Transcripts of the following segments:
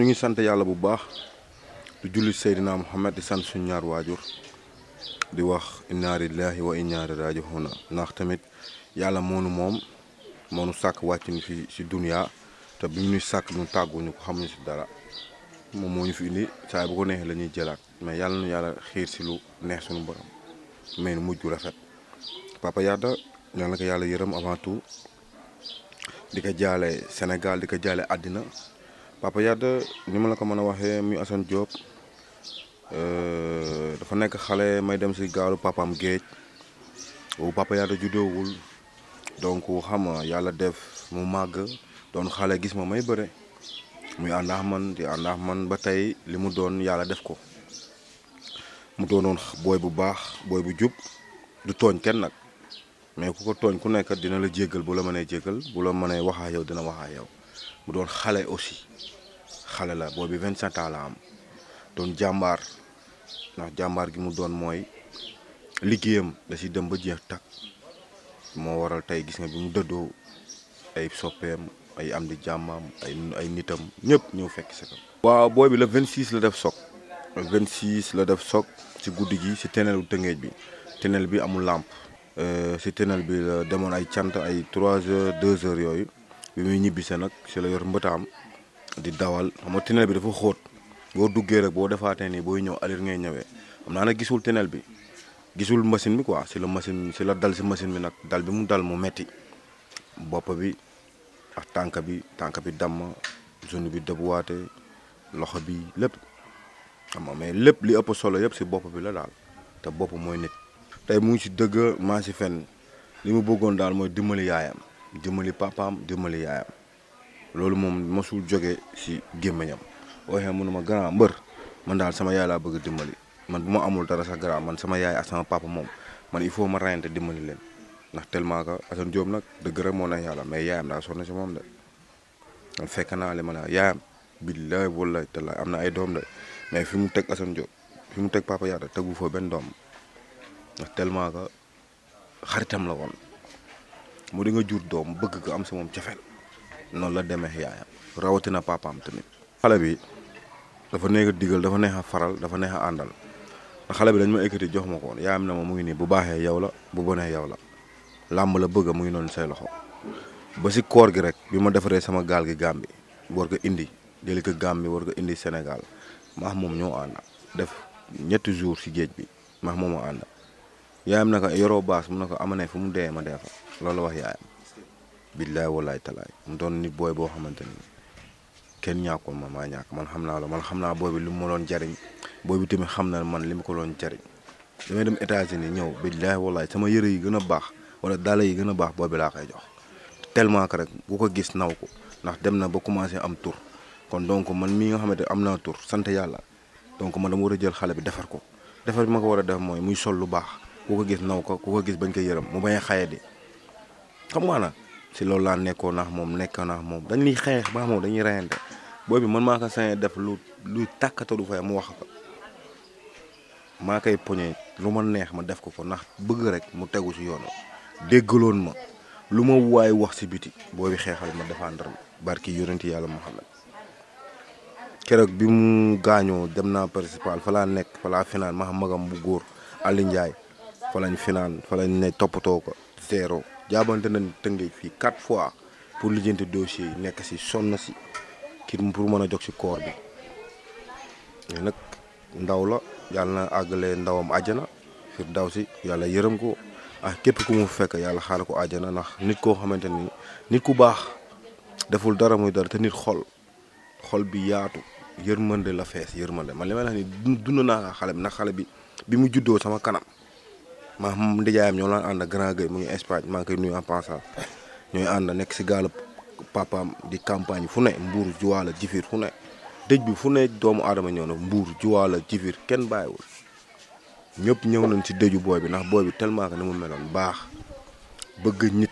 ñu ngi sant yàlla bu baax di julli Seydina Muhammad di sant suñu ñaar waajur di wax inna lillahi wa inna ilayhi na ndax tamit yàlla moonu moom moonu sàkk wàcc ñu fi si dunya te bi ñu sàkk ñu tàgguñu ko xamuñu si dara moom moo ñu fi indi saa bu ko neexee la jëlaat mais yàlla nu yàlla xiir si lu neex suñu borom mais nu mujj rafet Papa Yada yàlla na yàlla yërëm avant tout di ko jaale senegal di ko jaale àddina Papa Yade ni ma la ko mën a waxee muy Assane Diop euh, dafa nekk xale may dem si gaalu papaam géej boobu Papa Yade juddoowul donc xam nga yàlla def mu màgg doon xale gis ma may bare muy ànd ak man di ànd man ba tey li mu doon yàlla def ko mu doonoon booy bu baax booy bu jub du tooñ kenn nag mais ku ko tooñ ku nekk dina la jéggal bu la mënee jéggal bu la mënee wax ak yow dina wax ak yow. mu doon xale aussi xale la bi vingt-sept ans doon jàmbaar ndax jàmbaar gi mu doon mooy liggéeyam da si dem ba jeex takk moo waral tey gis nga bi mu dëddoo ay soppeem ay am di jàmmaam ay ay nitam ñëpp ñëw fekk si ko. waaw booy bi la 26 la def soog. 26 la def soog si guddi gi si teneelu tëngéej bi teneel bi amul làmp euh, si teneel bi demoon ay cant ay trois heures deux heures yooyu. bi muy ñibbise nag si la yor mbëtaam di dawal xam nga tunnel bi dafa xóot boo duggee rek boo defaatee nii booy ñëw alir ngay ñëwee xam naa nag gisul tunnel bi gisul machine bi quoi si la machine si la dal si machine bi nag dal bi mu dal mu metti bopp bi ak tànk bi tànk bi damm zone bi dëbuwaate loxo bi lépp xam nga mais lépp li ëpp solo yëpp si bopp bi la daal te bopp mooy nit tey mu ngi si dëgg maa si fenn li mu bëggoon daal mooy dimbali yaayam dimbali papaam dimbali yaayam loolu moom mosul jóge si gémmiñam waxee mënuma grand mbër man daal sama yaay laa bëgg dimbali man bu ma amul dara sax grand man sama yaay ak sama papa moom man il faut ma rayante dimbali leen ndax tellement que Assane Diop nag dëgg rek moo neex yàlla mais yaayam daa sonn si moom de man fekk naa li ma la yaayam billaay wallaay tallaay am na ay doom de mais fi mu teg Assane Diop fi mu teg papa yaata tegu foo benn doom ndax tellement que xaritam la woon. mu di nga jur doom bëgg ga am sa moom cofeel noonu la demee yaayam na papaam tamit xale bi dafa neex a digal dafa neex a faral dafa neex a àndal xale bi dañ ma ekkati jox ma ko woon yaayam na ma mu ngi nii bu baaxee yow la bu bonee yow la làmb la bëgg mu ngi noonu say loxo ba si koor gi rek bi ma defaree sama gaal gi gambi war ko indi jëli ko gambi war ko indi Sénégal maax moom ñoo ànd def ñetti jours si géej bi maax moom ànd yaayam na ko yoroo baas mu ne ko ama fu mu dee ma dee fa loolu wax yaayam billaay walaay talaay mu doon nit booy boo xamante ni kenn ñàkkul ma maa ñàkk man xam naa la man xam naa booy bi li mu ma jariñ booy bi tamit xam na man li ma ko doon jariñ damay dem États-Unis ñëw billaay walaay sama yëre yi gën a baax wala dàll yi gën a baax booy bi laa koy jox tellement rek bu ko gis naw ko ndax dem na ba commencé am tur kon donc man mii nga xamante am naa tur sant yàlla donc man dama war a jël xale bi defar ko defar bi ma ko war a def mooy muy sol lu baax ku ko gis naw ko ku ko gis bañ ko yërëm mu bañ a xaye di xam nga na si loolu laa nekkoon naax moom nekkoon naax moom dañ liy xeex ba moom dañuy reyante boobu man maa def lu lu tàkkata du mu wax ko maa koy poñe lu ma neex ma def ko ko ndax bëgg rek mu tegu si yoon déggaloon ma lu ma waay wax si biti boobu xeexal ma défendre barki yonenti yàlla Muhammad keroog bi mu gaañoo dem naa principal fa laa nekk fa laa finaan ma xam magam bu góor Aliou fa lañ finaan fa ne toppatoo ko zéro jaabante na tëngéej fii quatre fois pour lijjanti dossier yi nekk si sonn si kii pour mën a jog si koor bi nag ndaw la yàlla na àggalee ndawam àjjana fir daw si yàlla yërëm ko ah képp ku mu fekk yàlla xaar ko àjjana ndax nit koo xamante ni nit ku baax deful dara muy dara te nit xol xol bi yaatu mën de la fees yërmande man li may wax ni dund naa xale bi nag xale bi bi mu juddoo sama kanam ma xam ndijaayam ñoo laan ànd grand gueule mu ngi espagne maa koy nuyu en passant papaam di campagne fu ne mbuur jifir fu ne dëj bi fu ne doomu aadama ñëw na mbuur juwaala jifir ken bàyyiwul ñëpp ñëw nañ si dëju boy bi ndax booy bi tellement que ni mu meloon baax bëgg nit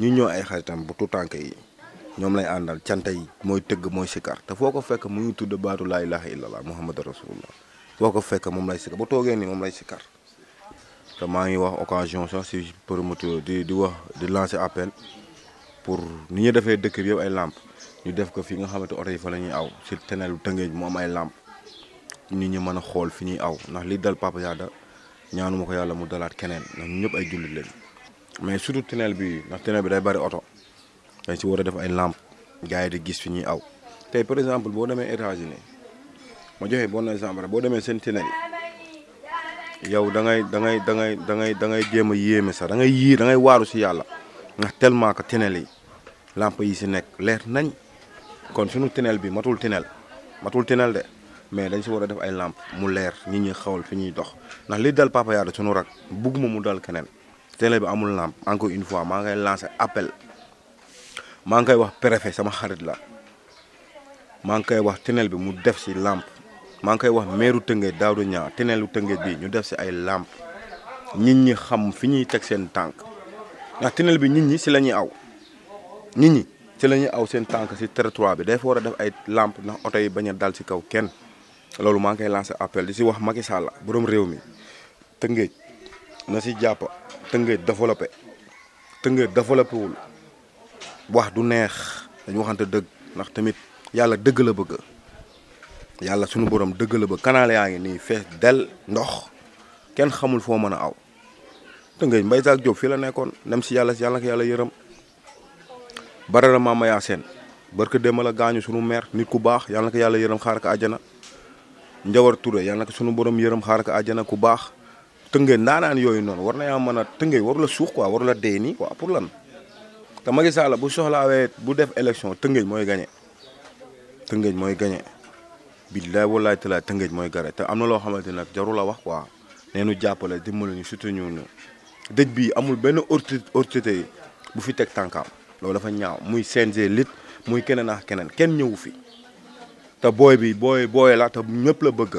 ñu ñoo ay xaritam bu tutank yi ñoom lay àndal cante yi mooy tëgg sikar te foo fekk mu ngi tudd baatu laa ilaha illallah muhammad rasulullah foo ko fekk moom lay sikar bu toogee ni moom lay sikar te maa ngi wax occasion sax si promoteur di di wax di lancer appel pour ni ñu defee dëkk bi yëpp ay làmp ñu def ko fi nga xamante oto yi fa la ñuy aw si teneelu Tëngéej mu ay làmp nit ñi mën a xool fi ñuy aw ndax li dal Papa ñaanuma ko yàlla mu dalaat keneen ndax ñu ñëpp ay jullit lañ mais surtout tunnel bi ndax tunnel bi day bari oto dañ si war def ay làmp gars yi di gis fi ñuy aw te par exemple boo demee États-Unis ma joxe bon exemple boo demee seen tunnel yi yow da ngay da ngay da ngay da ngay da ngay jéem a sax dangay ngay yii da ngay waaru si yàlla ndax tellement que tineel yi lamp yi si nekk leer nañ kon suñu tineel bi matul tineel matul tineel de mais dañ si war a def ay làmp mu leer nit ñi xawal fi ñuy dox ndax li dal Papa Yade suñu rak bugguma mu dal keneen tineel bi amul lamp encore une fois maa ngay lancé appel maa ngi koy wax préfet sama xarit la maa ngi koy wax tineel bi mu def si làmp man kay e wax meeru tëngéej daawdu ñaa teneelu tëngéej bi ñu def ci ay lampe nit ñi xam fi ñuy tek seen tank ndax tenel bi nit ñi ci lañuy aw nit ñi ci lañuy aw seen tank si territoire bi day fa war def ay lampe ndax auto yi baña dal ci kaw ken lolu man kay lancer appel di si wax Macky Sall borom rew mi tëngéej na ci japp tëngéej développer tëngéej développer wul wax du neex dañu waxante deug ndax tamit yalla deug la bëgg yàlla sunu borom dëgg la ba kanaal yaa ngi nii fees del ndox kenn xamul foo mën a aw te ngay Mbaye Jacques fii la nekkoon nem si yàlla si yàlla yërëm yàlla la barara ma yaa seen barke démb a gaañu sunu meer nit ku baax yàlla na yàlla yërëm xaar ko àjjana Njawar Touré yàlla na sunu borom yërëm xaar ko àjjana ku baax tëngee ndaanaan yooyu noonu war na yaa mën a tëngee waru la suux quoi waru la dee nii waa pour lan te Macky Sall bu soxlaawee bu def élection tëngee mooy gagné tëngee mooy gagné. billaay wallaay talaay tëngëj mooy gara te am na loo xamante nag jarul a wax quoi nee nu jàppale dimbali ñu surtout ñu dëj bi amul benn autorité bu fi teg tànkaam loolu dafa ñaaw muy CNG lit muy keneen ak keneen kenn ñëwu fi te booy bi booy booy la te ñëpp la bëgg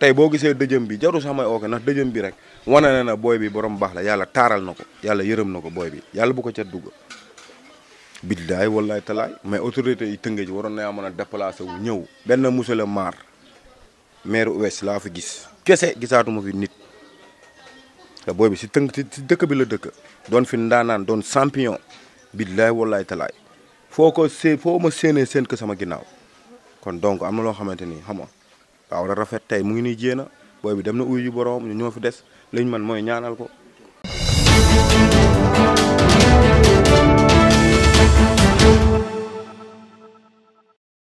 tey boo gisee dëjëm bi jarul sax may ooke ndax dëjëm bi rek wane na na booy bi borom baax la yàlla taaral na ko yàlla yërëm na ko booy bi yàlla bu ko ca dugg billaay wallaay talaay mais autorité yi tëngee ji waroon na mën a déplacé wu ñëw. benn monsieur le maire maire ouest laa fi gis kese gisaatuma fi nit te booy bi si tëng si dëkk bi la dëkk doon fi ndaanaan doon champion billaay wallaay talaay foo ko see foo ma séenee seen ko sama ginnaaw kon donc am na loo xamante ni xam nga rafet tey mu ngi nii jéena booy bi dem na uyu ji boroom ñu ñoo fi des liñ man mooy ñaanal ko.